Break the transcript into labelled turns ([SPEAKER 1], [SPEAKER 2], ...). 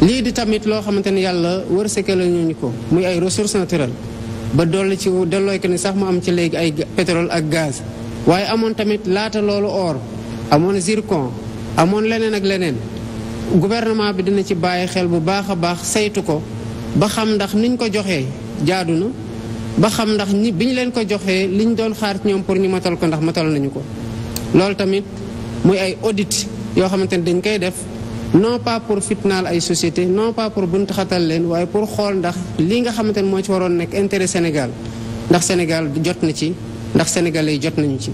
[SPEAKER 1] lii di tamit loo xamante ni yàlla wërsëgale ñu ko muy ay ressources naturelles ba dolli ci delloo ko ni sax mu am ci léegi ay pétrole ak gaz waaye amoon tamit laata loolu or amoon zircon amoon leneen ak leneen gouvernement bi dina ci bàyyi xel bu baax a baax saytu ko ba xam ndax niñ ko joxee jaadu na ba xam ndax ñi bi ñu leen ko joxee liñ doon xaar ñoom pour ñu motal ko ndax matal nañu ko loolu tamit muy ay audit yoo xamante ni dañ koy def non pas pour fitnaal ay société non pas pour bunt xatal leen waaye pour xool ndax li nga xamante ne moo ci waroon nekk intérêt Sénégal ndax Sénégal jot na ci ndax sénégalais jot nañu ci.